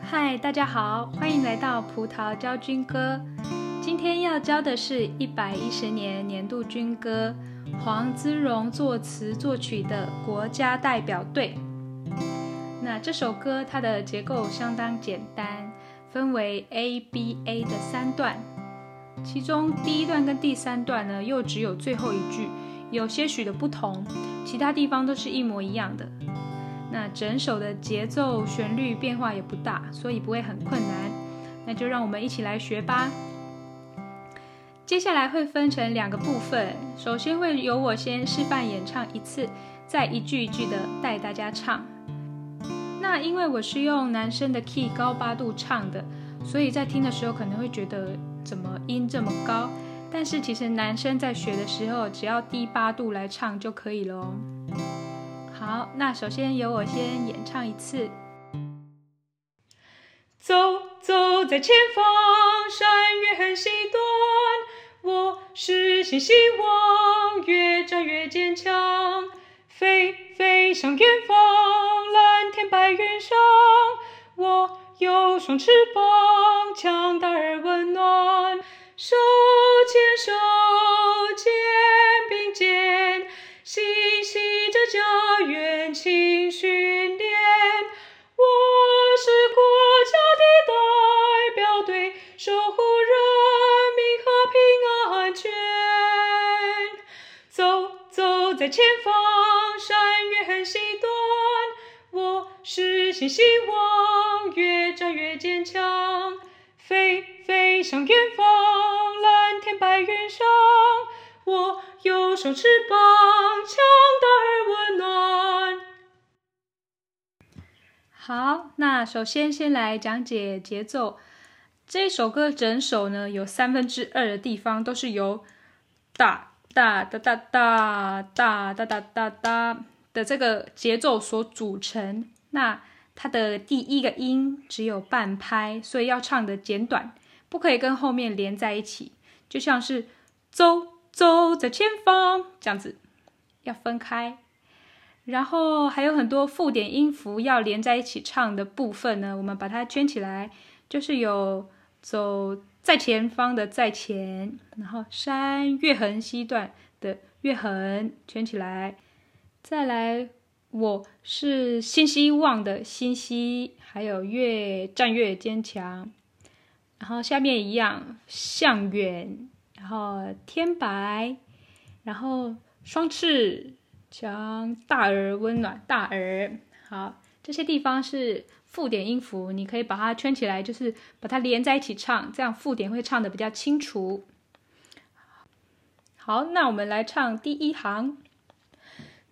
嗨，Hi, 大家好，歡迎來到葡萄教軍歌。今天要教的是110年年度軍歌，黃姿榕作詞作曲的《國家代表隊》。那這首歌它的結構相當簡單，分為 ABA 的三段。其中第一段跟第三段呢，又只有最後一句有些許的不同，其他地方都是一模一樣的。那整首的節奏旋律變化也不大，所以不會很困難。那就讓我們一起來學吧。接下來會分成兩個部分，首先會由我先示範演唱一次，再一句一句的帶大家唱。那因為我是用男生的 key 高八度唱的，所以在聽的時候可能會覺得。怎麼音這麼高？但是其實男生在學的時候，只要低八度來唱就可以了哦。好，那首先由我先演唱一次。走，走在前方，山嶽橫溪段，我，是新希望，越戰越堅強。飛，飛向遠方，藍天白雲上，我有雙翅膀。在前方，山嶽橫溪段，我是新希望，越戰越堅強。飛，飛向遠方，藍天白雲上，我有雙翅膀，強大而溫暖。好，那首先先來講解節奏。這首歌整首呢，有三分之二的地方都是由大。噠噠噠噠噠噠噠噠噠的這個節奏所組成，那它的第一個音只有半拍，所以要唱得簡短，不可以跟後面連在一起，就像是走走在前方這樣子，要分開。然後還有很多附點音符，要連在一起唱的部分呢，我們把它圈起來，就是有。走、so，在前方的在前，然後山岳橫西段的岳橫圈起來，再來我是新希望的新希，還有越戰越堅強，然後下面一樣向遠，然後天白，然後雙翅強大而溫暖，大而好。這些地方是附點音符，你可以把它圈起來，就是把它連在一起唱，這樣附點會唱的比較清楚。好，那我們來唱第一行。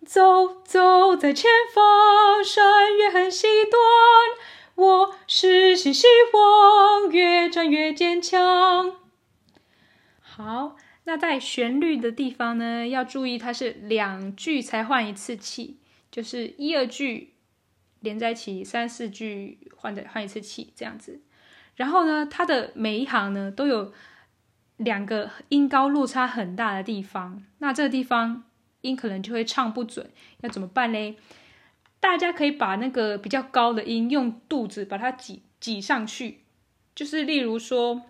走，走在前方，山嶽橫溪段。我是新希望，越戰越堅強。好，那在旋律的地方呢，要注意它是兩句才換一次氣，就是一二句。連在一起，三四句換的換一次氣，這樣子，然後呢，它的每一行呢，都有兩個音高落差很大的地方，那這個地方音可能就會唱不準，要怎麼辦嘞？大家可以把那個比較高的音用肚子把它擠擠上去，就是例如說，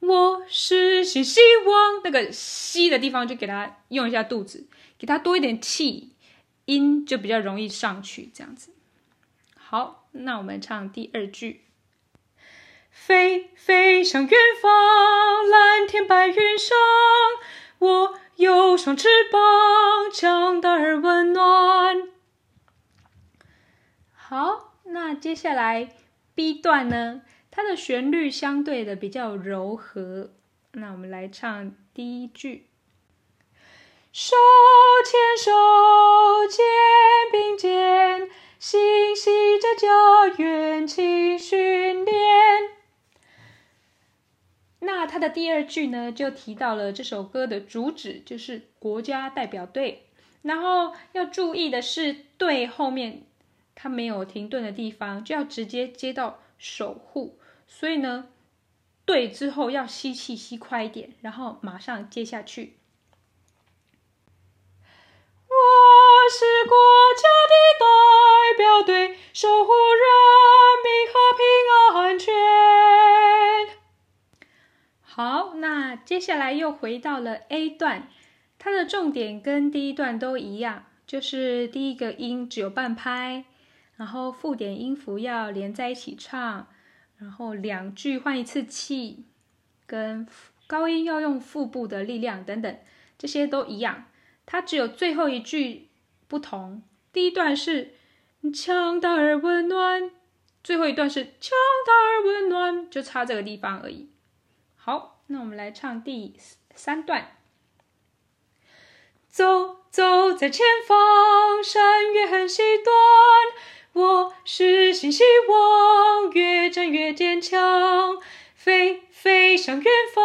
我是是希望，那個希的地方就給它用一下肚子，給它多一點氣。音就比較容易上去，這樣子。好，那我們唱第二句：飛飛向遠方，藍天白雲上，我有雙翅膀，強大而溫暖。好，那接下來 B 段呢？它的旋律相對的比較柔和。那我們來唱第一句：手牽手。家園勤訓練。那他的第二句呢，就提到了這首歌的主旨，就是國家代表隊。然後要注意的是，隊後面他沒有停頓的地方，就要直接接到守護。所以呢，隊之後要吸氣吸快一點，然後馬上接下去。我是國家的表隊守護人民和平安全。好，那接下來又回到了 A 段，它的重點跟第一段都一樣，就是第一個音只有半拍，然後附點音符要連在一起唱，然後兩句換一次氣，跟高音要用腹部的力量等等，這些都一樣。它只有最後一句不同，第一段是。強大而溫暖，最後一段是強大而溫暖，就差這個地方而已。好，那我們來唱第三段。走，走在前方，山嶽橫溪段。我是新希望，越戰越堅強。飛，飛向遠方，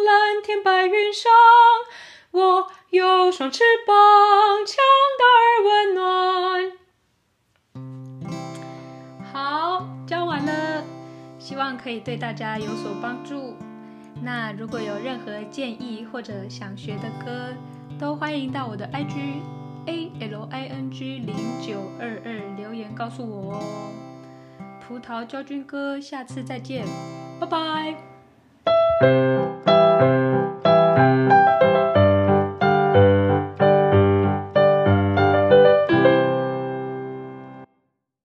藍天白雲上，我有雙翅膀，強大而溫暖。希望可以對大家有所幫助。那如果有任何建議或者想學的歌，都歡迎到我的 IG A L I N G 零九二二留言告訴我哦。葡萄教軍歌，下次再見，拜拜。